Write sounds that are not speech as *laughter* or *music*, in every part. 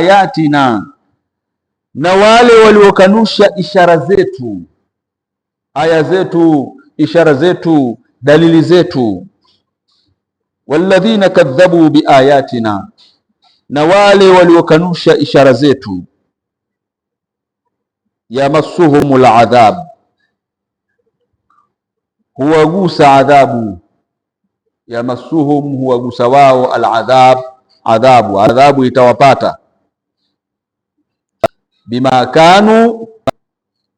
ayatina, na wale waliokanusha ishara zetu, aya zetu, ishara zetu, dalili zetu. Walladhina kadhabu biayatina, na wale waliokanusha ishara zetu. Yamassuhumul adhab, huwagusa adhabu. Yamassuhum, huwagusa wao. Aladhab, adhabu, adhabu itawapata bima kanu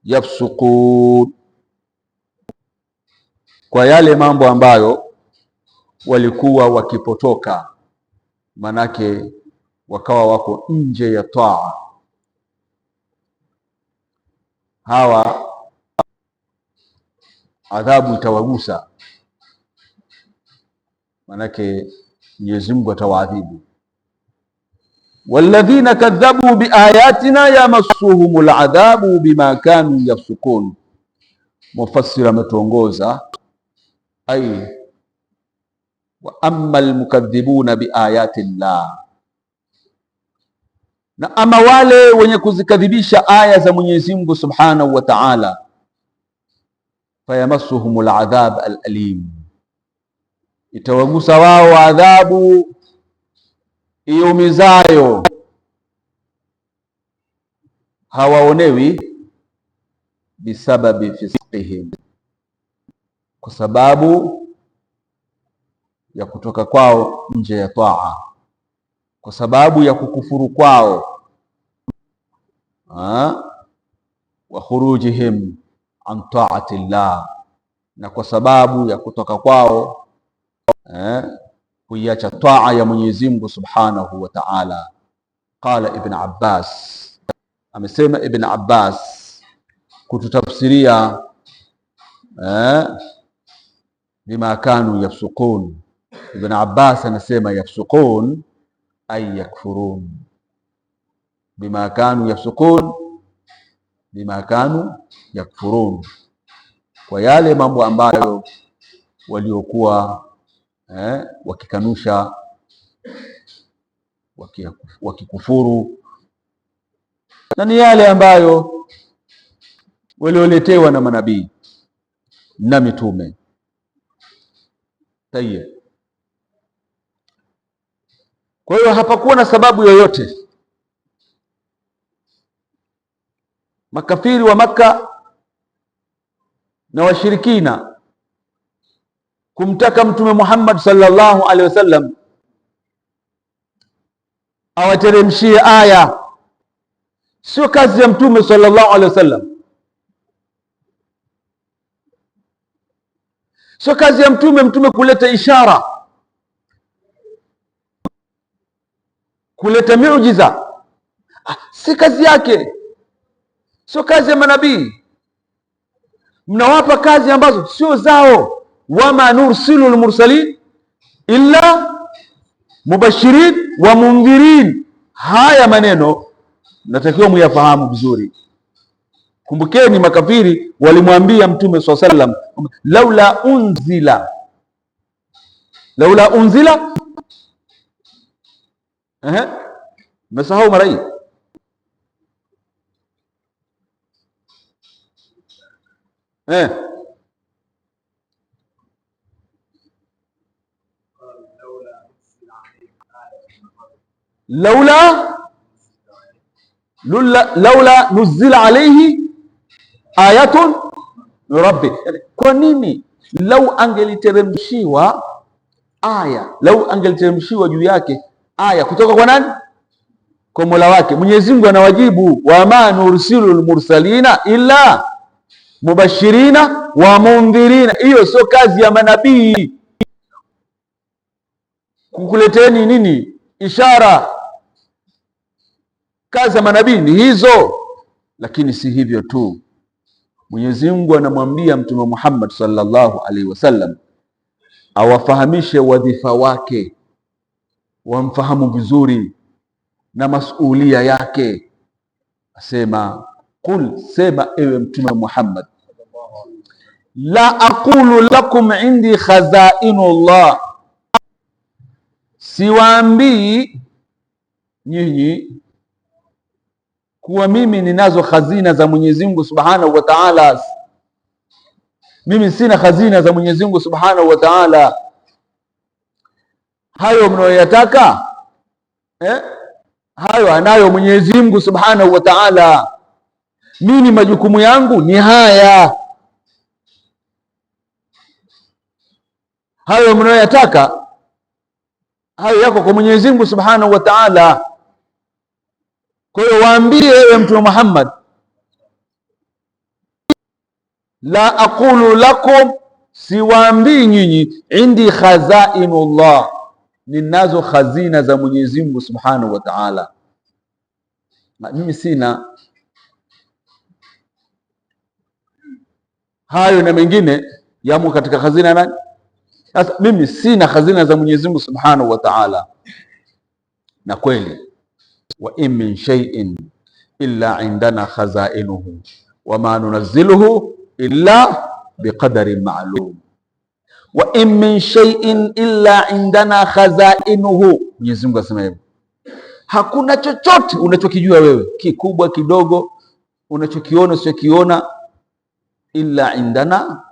yafsukun, kwa yale mambo ambayo walikuwa wakipotoka, manake wakawa wako nje ya taa. Hawa adhabu itawagusa, manake Mwenyezi Mungu atawaadhibu walladhina kadhabu biayatina yamassuhumul aladhabu bima kanu yafsukun. mufassir ametuongoza ai wa amma almukadhibuna biayati llah, na ama wale wenye kuzikadhibisha aya za Mwenyezi Mungu subhanahu wa taala, fayamassuhumul adhab alalim, itawagusa wao adhabu iumizayo hawaonewi bisababi fisqihim, kwa sababu ya kutoka kwao nje ya taa, kwa sababu ya kukufuru kwao, wa khurujihim an taati llah, na kwa sababu ya kutoka kwao eh, kuiacha taa ya Mwenyezi Mungu Subhanahu wa Ta'ala. Qala Ibn Abbas, amesema Ibn Abbas kututafsiria eh, bima kanu yafsukun. Ibn Abbas anasema yafsukun ay yakfurun bima kanu yafsukun bima kanu yakfurun, kwa yale mambo ambayo waliokuwa eh, wakikanusha, wakikufuru na ni yale ambayo walioletewa na manabii na mitume. Tayeb, kwa hiyo hapakuwa na sababu yoyote. Makafiri wa Makka na washirikina kumtaka Mtume Muhammad sallallahu alaihi wasallam awateremshie aya, sio kazi ya Mtume sallallahu alaihi wasallam, sio kazi ya Mtume. Mtume kuleta ishara, kuleta miujiza, ah, si kazi yake, sio kazi ya manabii. Mnawapa kazi ambazo sio zao wama nursilu lmursalin illa mubashirin wa mundhirin. Haya maneno natakiwa muyafahamu vizuri. Kumbukeni, makafiri walimwambia Mtume saa sallam, laula unzila laula unzila mesahau mara hii eh laula lula, laula nuzila alayhi ayatun rabbi, kwa nini lau angeliteremshiwa aya, lau angeliteremshiwa juu yake aya kutoka kwa nani? Kwa Mola wake. Mwenyezi Mungu anawajibu ma nursilu lmursalina illa mubashirina wa mundhirina. Hiyo sio kazi ya manabii kukuleteni nini ishara Kazi za manabii ni hizo, lakini si hivyo tu. Mwenyezi Mungu anamwambia Mtume Muhammad sallallahu alaihi wasallam awafahamishe wadhifa wake, wamfahamu vizuri na masulia yake. Asema, qul, sema ewe Mtume Muhammad, la aqulu lakum indi khazainu Allah, siwaambii nyinyi kuwa mimi ninazo hazina za Mwenyezi Mungu Subhanahu wa Ta'ala. Mimi sina hazina za Mwenyezi Mungu Subhanahu wa Ta'ala. Hayo mnayoyataka eh? Hayo anayo Mwenyezi Mungu Subhanahu wa Ta'ala. Mimi majukumu yangu ni haya. Hayo mnayoyataka hayo yako kwa Mwenyezi Mungu Subhanahu wa Ta'ala. Kwa hiyo waambie, ewe Mtume Muhammad, la aqulu lakum, siwaambii nyinyi, indi khazainu Allah, ninazo khazina za Mwenyezi Mungu Subhanahu wa Ta'ala, mimi sina hayo na mengine yamo katika khazina nani? Sasa mimi sina khazina za Mwenyezi Mungu Subhanahu wa Ta'ala, na kweli wa in min shay'in illa indana khazainuhu ma nunazziluhu illa biqadarin ma'lum wa in min shay'in illa indana khazainuhu. Mwenyezi Mungu asema hivyo, hakuna chochote unachokijua wewe kikubwa kidogo, unachokiona usichokiona, illa indana,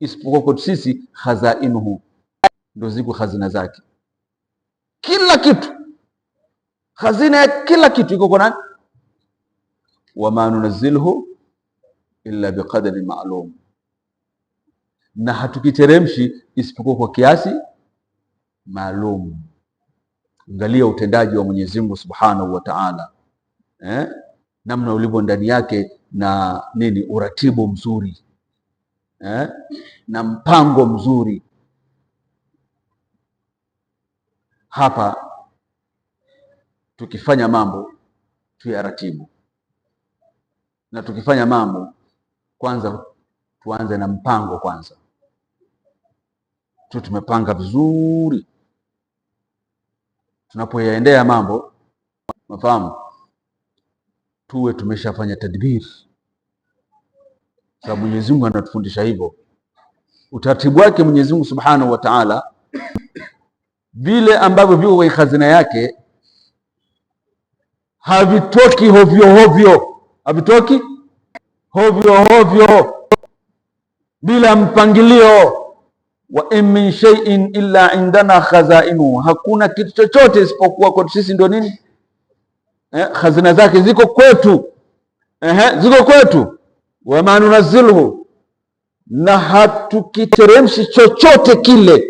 isipokuwa kwetu sisi, khazainuhu, ndio ziko hazina zake, kila kitu Hazina ya kila kitu iko kwa nani? Wama nunazilhu illa biqadarin maalum, na hatukiteremshi isipokuwa kwa kiasi maalum. Angalia utendaji wa Mwenyezi Mungu Subhanahu wa Ta'ala, eh? namna ulivyo ndani yake na nini, uratibu mzuri eh? na mpango mzuri hapa tukifanya mambo tuyaratibu, na tukifanya mambo kwanza tuanze na mpango kwanza, tu tumepanga vizuri tunapoyaendea mambo mafahamu, tuwe tumeshafanya tadbiri, sababu Mwenyezi Mungu anatufundisha hivyo. Utaratibu wake Mwenyezi Mungu Subhanahu wa Ta'ala, vile ambavyo viko kwenye hazina yake havitoki hovyo hovyo, havitoki hovyo hovyo bila mpangilio. wa in min shay'in illa indana khazainuhu, hakuna kitu chochote isipokuwa kwetu sisi ndio nini eh, khazina zake ziko kwetu eh, ziko kwetu. wama nunazilhu, na hatukiteremshi chochote kile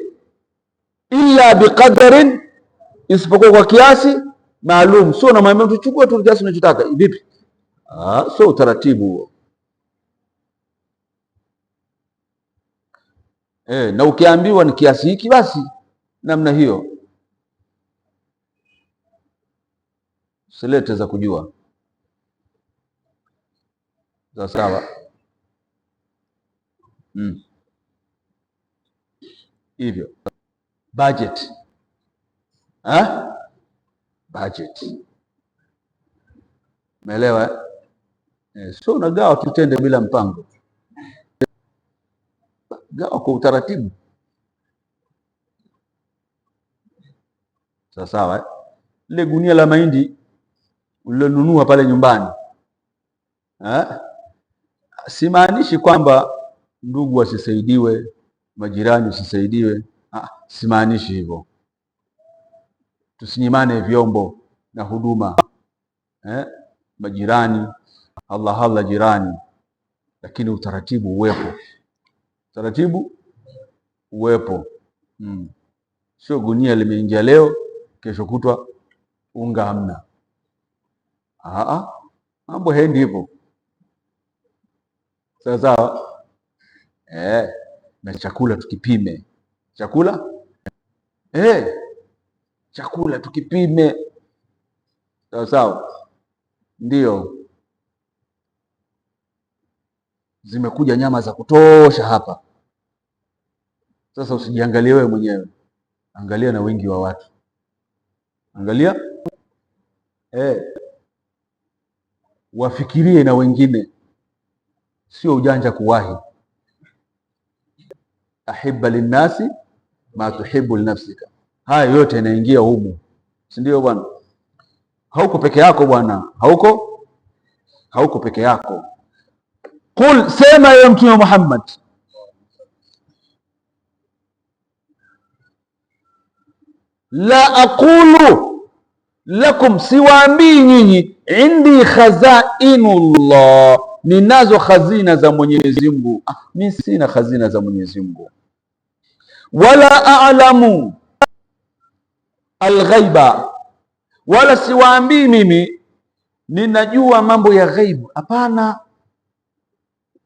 illa biqadarin, isipokuwa kwa kiasi maalum, sio namwambia tuchukue tu kiasi unachotaka. Vipi? Ah, sio utaratibu huo. E, na ukiambiwa ni kiasi hiki basi namna hiyo, silete za kujua za sawa. Mm. Hivyo budget. Ha? Ah? budget. Umeelewa? Eh, so unagawa tutende bila mpango, gawa kwa utaratibu. Sawa sawa, eh? lile gunia la mahindi ulilonunua pale nyumbani ha? Eh? Simaanishi kwamba ndugu wasisaidiwe, majirani usisaidiwe, ah, simaanishi hivyo tusinyimane vyombo na huduma eh, majirani Allah Allah jirani, lakini utaratibu uwepo, utaratibu uwepo mm. Sio gunia limeingia leo, kesho kutwa unga hamna. Aa, mambo hendi hivyo Sasa Eh, na chakula tukipime chakula eh chakula tukipime, sawa sawa. Ndio zimekuja nyama za kutosha hapa. Sasa usijiangalie wewe mwenyewe, angalia na wingi wa watu, angalia eh, wafikirie na wengine, sio ujanja kuwahi. Ahibba linnasi ma tuhibbu linafsika hayo yote yanaingia humu, si ndio bwana? Hauko peke yako bwana, hauko hauko peke yako. Qul, sema ewe Mtume Muhammad, la aqulu lakum, siwaambii nyinyi, indi khazainullah, ninazo khazina za Mwenyezi Mungu. Ah, mimi sina khazina za Mwenyezi Mungu, wala a'lamu alghaiba, wala siwaambii mimi ninajua mambo ya ghaibu. Hapana,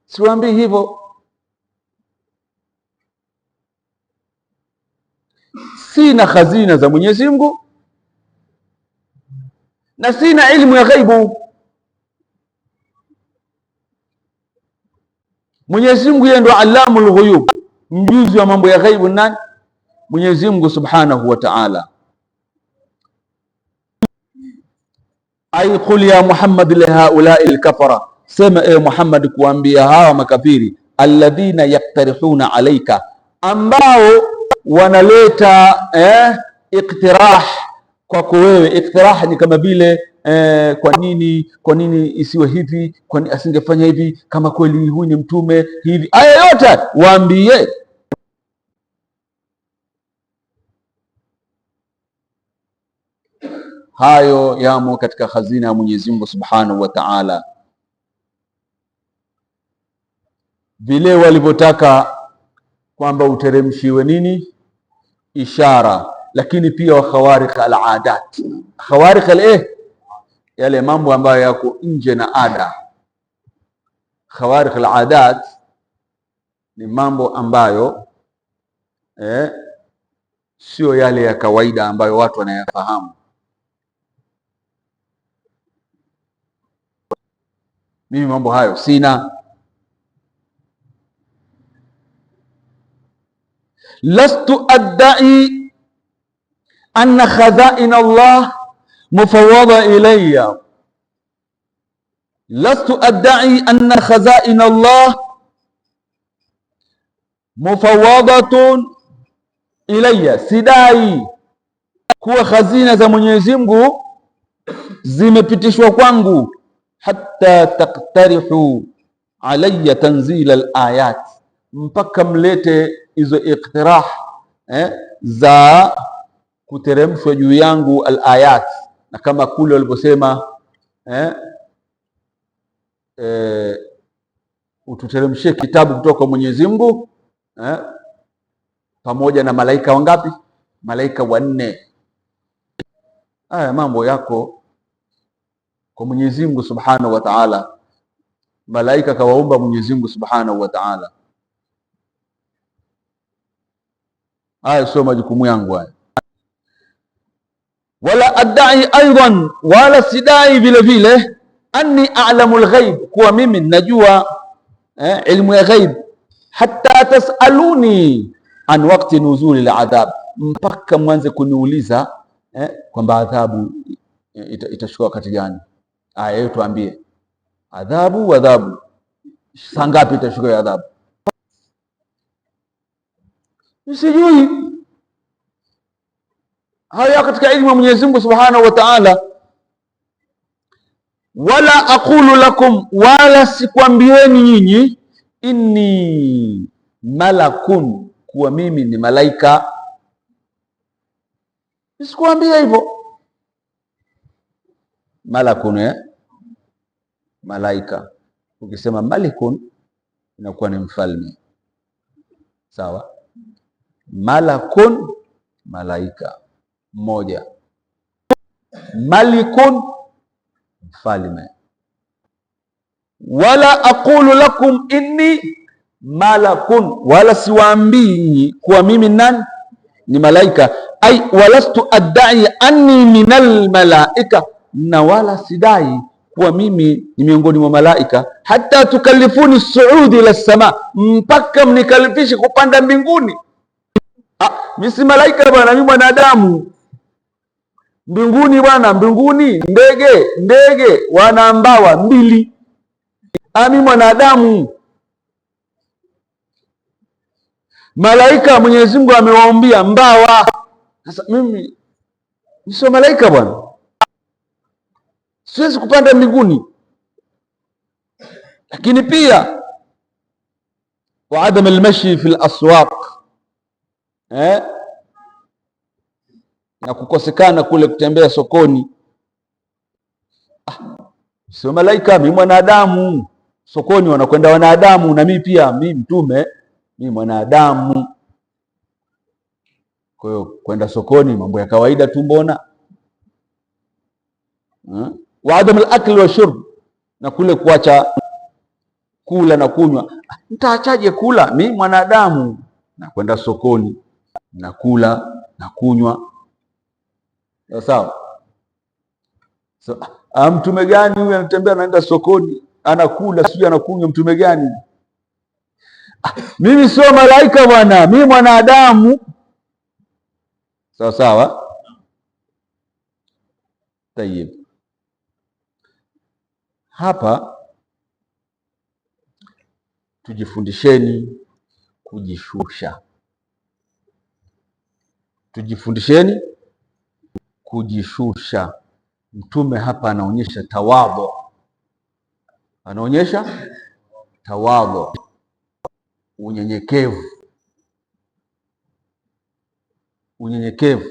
siwaambii hivyo. Sina hazina za Mwenyezi Mungu na sina ilmu ya ghaibu. Mwenyezi Mungu yeye ndo allamul ghuyub, mjuzi wa mambo ya ghaibu. Nani? Mwenyezi Mungu subhanahu wa ta'ala. ai qul ya Muhammad haulai lkafara, sema e Muhammad kuambia hawa makafiri, alladhina yaktarihuna alaika, ambao wanaleta eh, iktirah kwako wewe. Iktirah ni kama vile eh, kwa nini kwa nini isiwe hivi? Kwa nini asingefanya hivi kama kweli huyu ni mtume? Hivi aya yote waambie hayo yamo katika hazina ya Mwenyezi Mungu Subhanahu wa Ta'ala. Vile walivyotaka kwamba uteremshiwe nini ishara, lakini pia wa khawariq al-adat, khawariq al-eh, yale mambo ambayo yako nje na ada. Khawariq al-adat ni mambo ambayo eh, sio yale ya kawaida ambayo watu wanayafahamu Mimi mambo hayo sina. Lastu addai anna khadhain Allah mufawada ilayya, lastu addai anna khadhain Allah mufawadatun ilayya, sidai kuwa khazina za Mwenyezi Mungu zimepitishwa kwangu hatta taktarihu alayya tanzila alayat, mpaka mlete hizo iktirah eh, za kuteremshwa juu yangu alayat, na kama kule waliposema eh, eh, ututeremshie kitabu kutoka kwa Mwenyezi Mungu eh, pamoja na malaika wangapi? Malaika wanne. Haya mambo yako kwa Mwenyezi Mungu Subhanahu wa Ta'ala. Malaika kawaomba Mwenyezi Mungu Subhanahu wa Ta'ala. Haya sio majukumu yangu haya. Wala adai aidan, wala sidai vile vile anni a'lamu al-ghaib, kuwa mimi najua eh, ilmu ya ghaib. Hatta tasaluni an waqti nuzuli al-adhab, mpaka mwanze kuniuliza eh, kwamba adhabu itashuka wakati gani. Aya hiyo tuambie, adhabu adhabu, saa ngapi itashuka hiyo adhabu? Sijui. Haya katika ilmu ya Mwenyezi Mungu Subhanahu wa Ta'ala. Wala aqulu lakum, wala sikwambieni nyinyi, inni malakun, kuwa mimi ni malaika. Sikuambia hivyo malakun eh? malaika. Ukisema malikun inakuwa ni mfalme, sawa. Malakun malaika mmoja, malikun mfalme. Wala aqulu lakum inni malakun, wala siwaambii kuwa mimi nani ni malaika. Ai walastu addai anni minal malaika, na wala sidai kuwa mimi ni miongoni mwa malaika, hata tukalifuni suudi ila sama, mpaka mnikalifishe kupanda mbinguni. Ah, mimi si malaika bwana, mimi mwanadamu. Mbinguni bwana, mbinguni ndege, ndege wana mbawa mbili. Ah, mimi mwanadamu. Malaika Mwenyezi Mungu amewaambia mbawa. Sasa mimi nisio malaika bwana siwezi kupanda mbinguni, lakini pia wa adam almashi fi laswaq eh? na kukosekana kule kutembea sokoni. Ah, sio malaika, mi mwanadamu. Sokoni wanakwenda wanadamu, na mi pia, mi mtume, mi mwanadamu. Kwa hiyo kwenda sokoni mambo ya kawaida tu, mbona hmm? wa adam al-akl wa shurb, na kule kuacha kula na kunywa. Nitaachaje kula mi mwanadamu? Nakwenda sokoni nakula na kunywa, sawa sawa. So, ah, mtume gani huyu anatembea, anaenda sokoni anakula, sijui anakunywa, mtume gani? Ah, mimi sio malaika bwana, mi mwanadamu, sawa sawa. Tayeb, hapa tujifundisheni kujishusha, tujifundisheni kujishusha. Mtume hapa anaonyesha tawadho, anaonyesha tawadho, unyenyekevu, unyenyekevu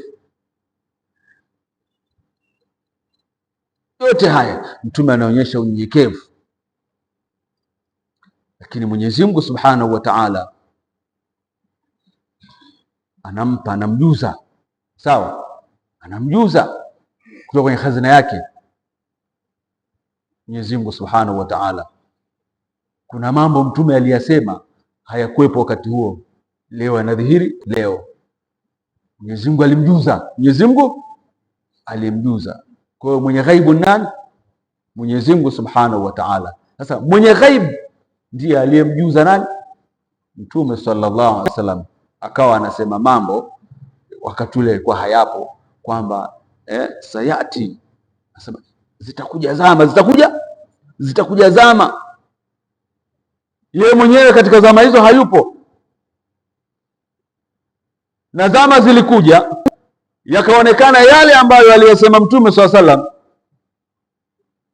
Yote haya mtume anaonyesha unyenyekevu, lakini Mwenyezi Mungu Subhanahu wa Ta'ala anampa, anamjuza, sawa, anamjuza kutoka kwenye hazina yake Mwenyezi Mungu Subhanahu wa Ta'ala. Kuna mambo mtume aliyasema hayakuwepo wakati huo, leo yanadhihiri. Leo Mwenyezi Mungu alimjuza, Mwenyezi Mungu alimjuza kwa hiyo mwenye ghaibu nani? Mwenyezi Mungu Subhanahu wa Ta'ala. Sasa mwenye ghaibu ndiye aliyemjuza nani? Mtume sallallahu alaihi wasallam, akawa anasema mambo wakati ule kwa hayapo kwamba eh, sayati nasema zitakuja zama, zitakuja zitakuja zama. Yeye mwenyewe katika zama hizo hayupo, na zama zilikuja yakaonekana yale ambayo aliyosema Mtume swalla sallam,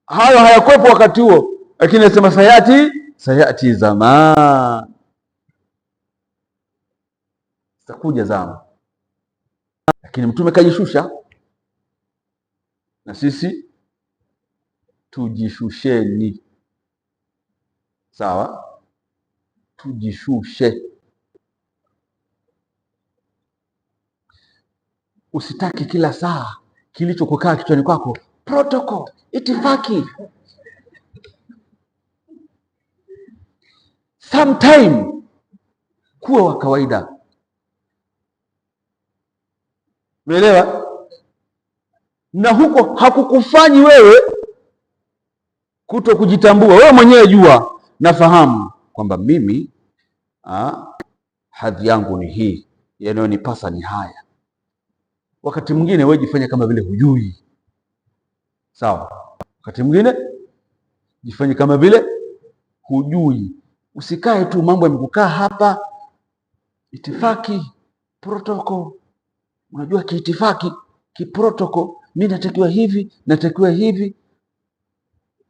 hayo hayakwepo wakati huo, lakini anasema sayati sayati zaman, zitakuja zama, lakini Mtume kajishusha, na sisi tujishusheni. Sawa, tujishushe Usitaki kila saa kilichokukaa kichwani kwako, protocol, itifaki. Sometime kuwa wa kawaida, umeelewa? Na huko hakukufanyi wewe kuto kujitambua wewe mwenyewe. Jua nafahamu kwamba mimi ha, ah, hadhi yangu ni hii, yanayonipasa ni haya Wakati mwingine wewe jifanye kama vile hujui, sawa. Wakati mwingine jifanye kama vile hujui, usikae tu mambo yamekukaa hapa. Itifaki protoko, unajua kiitifaki, kiprotoko, mi natakiwa hivi, natakiwa hivi,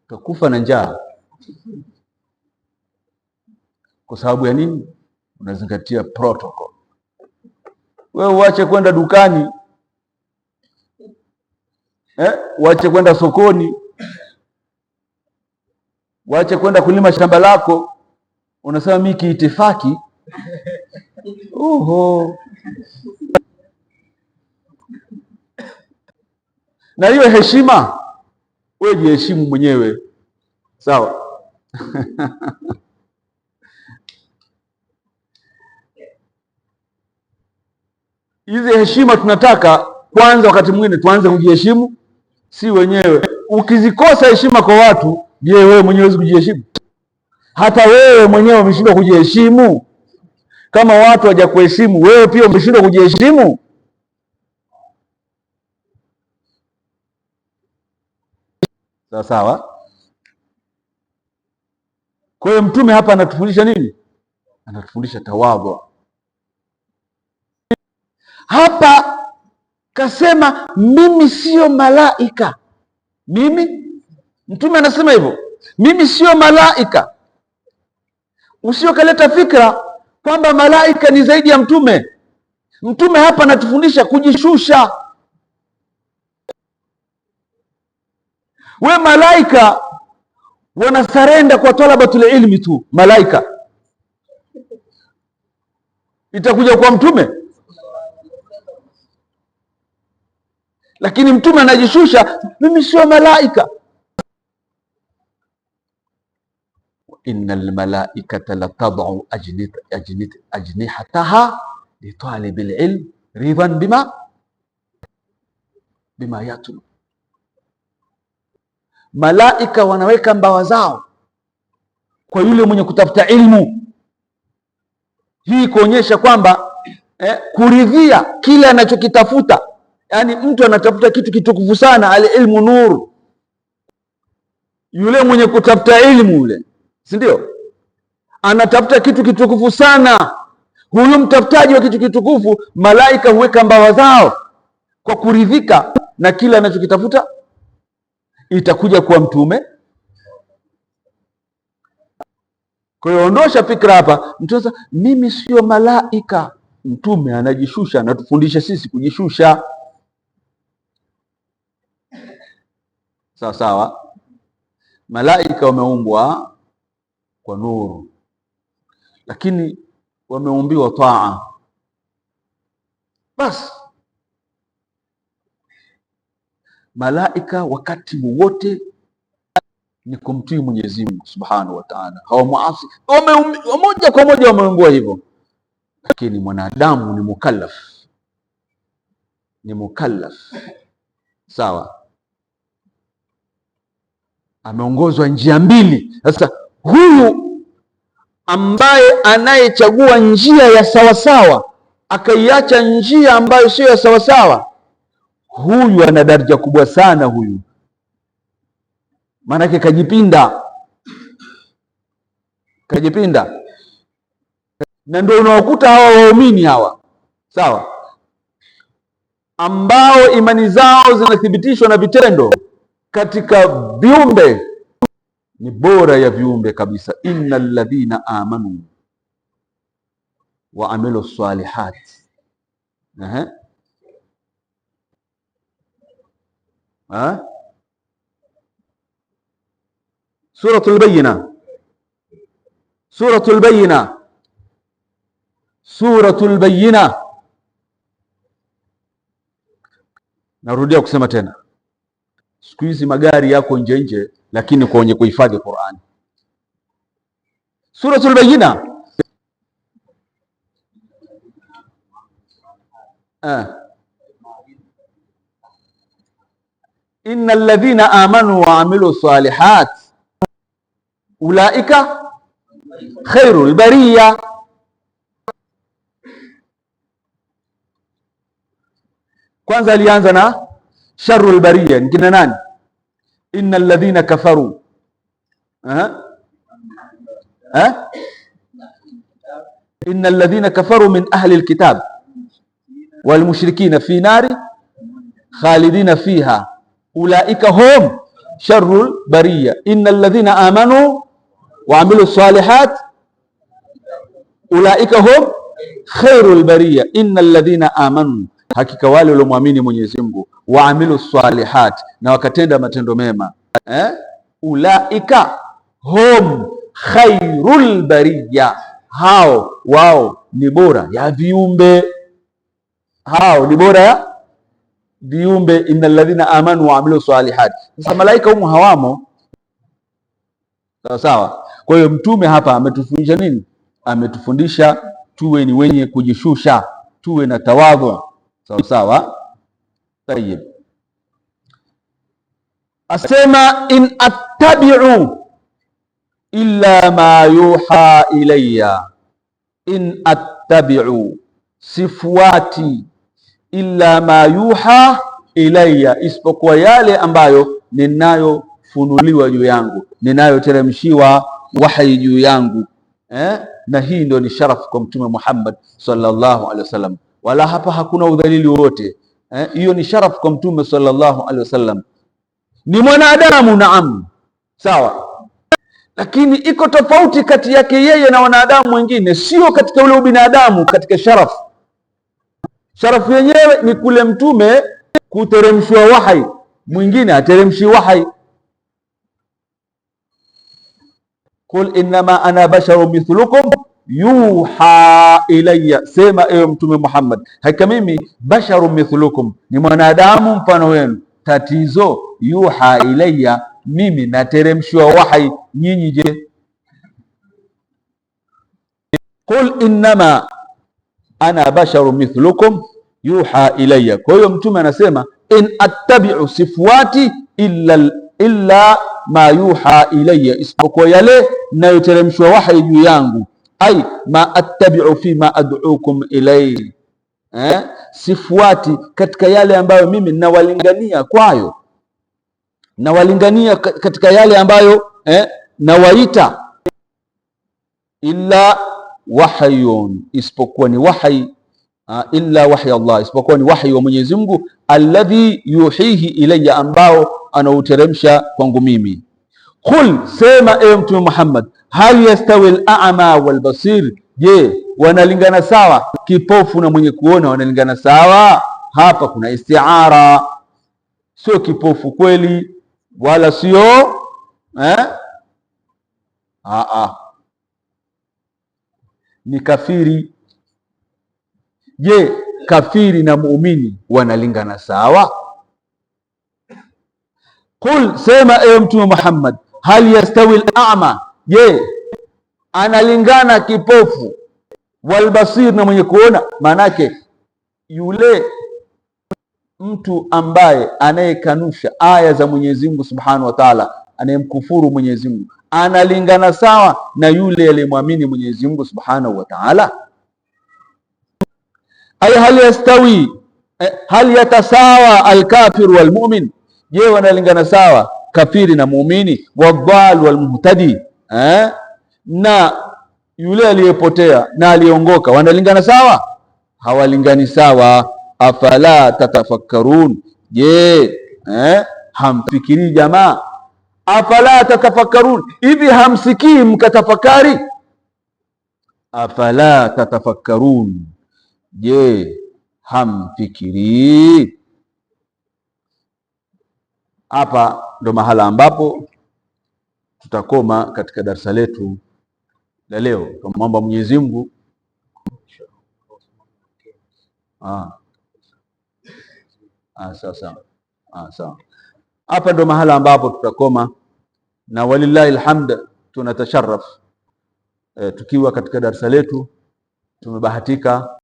utakufa na njaa. Kwa sababu ya nini? Unazingatia protoko. Wewe uache kwenda dukani eh? Waache kwenda sokoni, waache kwenda kulima shamba lako. Unasema mimi kiitifaki. Oho, na hiyo heshima, wewe jiheshimu mwenyewe, sawa? *laughs* Hizi heshima tunataka kwanza, wakati mwingine tuanze kujiheshimu si wenyewe. Ukizikosa heshima kwa watu, je, wewe mwenyewe huwezi kujiheshimu? Hata wewe mwenyewe umeshindwa kujiheshimu. Kama watu hawajakuheshimu, wewe pia umeshindwa kujiheshimu. Sawa sawa. Kwa hiyo Mtume hapa anatufundisha nini? Anatufundisha tawadhu hapa kasema mimi siyo malaika. Mimi mtume anasema hivyo, mimi siyo malaika. Usiokaleta fikra kwamba malaika ni zaidi ya mtume. Mtume hapa anatufundisha kujishusha. We malaika wanasarenda kwa talabatul ilmi tu, malaika itakuja kwa mtume lakini mtume anajishusha, mimi sio malaika. innal malaikata latadau ajnihataha litalibi lilm ridhan bima bima yatlu, malaika wanaweka mbawa zao kwa yule mwenye kutafuta ilmu. Hii kuonyesha kwamba eh, kuridhia kile anachokitafuta Yaani mtu anatafuta kitu kitukufu sana, alilmu nur, yule mwenye kutafuta ilmu yule, si ndio? Anatafuta kitu kitukufu sana. Huyu mtafutaji wa kitu kitukufu, malaika huweka mbawa zao kwa kuridhika na kila anachokitafuta, itakuja kuwa mtume. Kwa hiyo ondosha fikra hapa, mtu mimi sio malaika. Mtume anajishusha, anatufundisha sisi kujishusha. sawa sawa. Malaika wameumbwa kwa nuru, lakini wameumbiwa taa basi. Malaika wakati wowote ni kumtii Mwenyezi Mungu Subhanahu wa Ta'ala, hawamuasi moja kwa moja, wameumbiwa hivyo. Lakini mwanadamu ni mukallaf, ni mukallaf sawa ameongozwa njia mbili. Sasa huyu ambaye anayechagua njia ya sawasawa akaiacha njia ambayo sio ya sawasawa, huyu ana daraja kubwa sana huyu, maanake kajipinda, kajipinda. Na ndio unawakuta hawa waumini hawa, sawa, ambao imani zao zinathibitishwa na vitendo katika viumbe ni bora ya viumbe kabisa, innal ladhina amanu wa amilu salihat Ehe, suratul bayina, suratul bayina, suratul bayina. Narudia kusema tena Siku hizi magari yako nje nje, lakini kwa wenye kuhifadhi Qur'an. Suratul Bayyina ah. Eh. Innal ladhina amanu wa amilu salihat ulaika khairul bariya. Kwanza alianza na شر البريه نجينا نani ان الذين كفروا ها أه؟ أه؟ ها ان الذين كفروا من اهل الكتاب والمشركين في نار خالدين فيها اولئك هم شر البريه ان الذين امنوا وعملوا الصالحات اولئك هم خير البريه ان الذين امنوا حقيقه wale المؤمنين من Mungu waamilu salihat, na wakatenda matendo mema eh? Ulaika hum khairul bariya, hao wao ni bora ya viumbe, hao ni bora ya viumbe. Innal ladhina amanu waamilu salihat. Sasa malaika humu hawamo, sawa sawa. Kwa hiyo mtume hapa ametufundisha nini? Ametufundisha tuwe ni wenye kujishusha, tuwe na tawadhu, sawa sawa Tayyib asema in attabi'u illa ma yuha ilayya, in attabi'u, sifuati illa ma yuha ilayya, isipokuwa yale ambayo ninayofunuliwa juu yangu, ninayoteremshiwa wahyi juu yangu eh? Na hii ndio ni sharafu kwa Mtume Muhammad sallallahu alaihi wasallam, wala hapa hakuna udhalili wowote Eh, hiyo eh, ni sharaf kwa Mtume sallallahu alaihi wasallam. Ni mwanadamu naam, sawa, lakini iko tofauti kati yake yeye na wanadamu wengine, sio katika ule ubinadamu, katika sharaf. Sharafu yenyewe ni kule Mtume kuteremshwa wahai, mwingine ateremshi wahai. Qul innama ana basharu mithlukum yuha ilayya, sema ewe Mtume Muhammad, hakika mimi basharu mithlukum, ni mwanadamu mfano wenu. Tatizo yuha ilayya, mimi nateremshwa wahai, nyinyi je? Qul innama ana basharu mithlukum yuha ilayya. Kwa hiyo Mtume anasema in attabi'u, sifuati illa illa ma yuha ilayya, isipokuwa yale nayoteremshwa wahai juu yangu ay ma attabiu fi ma ad'ukum ilay eh, sifuati katika yale ambayo mimi nawalingania kwayo, nawalingania katika yale ambayo eh, nawaita illa wahyun, isipokuwa ni wahyi Uh, ah, illa wahyi Allah, isipokuwa ni wahyi wa Mwenyezi Mungu, alladhi yuhihi ilayya, ambao anauteremsha kwangu mimi. Qul, sema e Mtume Muhammad, hal yastawi al-a'ma wal basir, je, wanalingana sawa? Kipofu na mwenye kuona wanalingana sawa? Hapa kuna istiara, sio kipofu kweli wala sio eh? a ni kafiri. Je, kafiri na muumini wanalingana sawa? Qul, sema ewe Mtume Muhammad, hal yastawi al-a'ma Je, analingana kipofu walbasir na mwenye kuona? Maanake yule mtu ambaye anayekanusha aya za Mwenyezi Mungu Subhanahu wa Ta'ala, anayemkufuru Mwenyezi Mungu analingana sawa na yule aliyemwamini Mwenyezi Mungu Subhanahu wa Ta'ala? Ay, hal yastawi eh, hal yatasawa alkafiru walmumin, je wanalingana sawa kafiri na muumini? Wadhal walmuhtadi eh, na yule aliyepotea na aliongoka wanalingana sawa? Hawalingani sawa. Afala tatafakkarun, je, eh, hamfikirii jamaa? Afala tatafakkarun, hivi hamsikii mkatafakari? Afala tatafakkarun, je, hamfikirii? Hapa ndo mahala ambapo tutakoma katika darsa letu la leo. Tunamwomba Mwenyezi Mungu ah. Ah, ah, sawa. Hapa ndo mahala ambapo tutakoma na walillahi alhamd, tunatasharaf e, eh, tukiwa katika darsa letu tumebahatika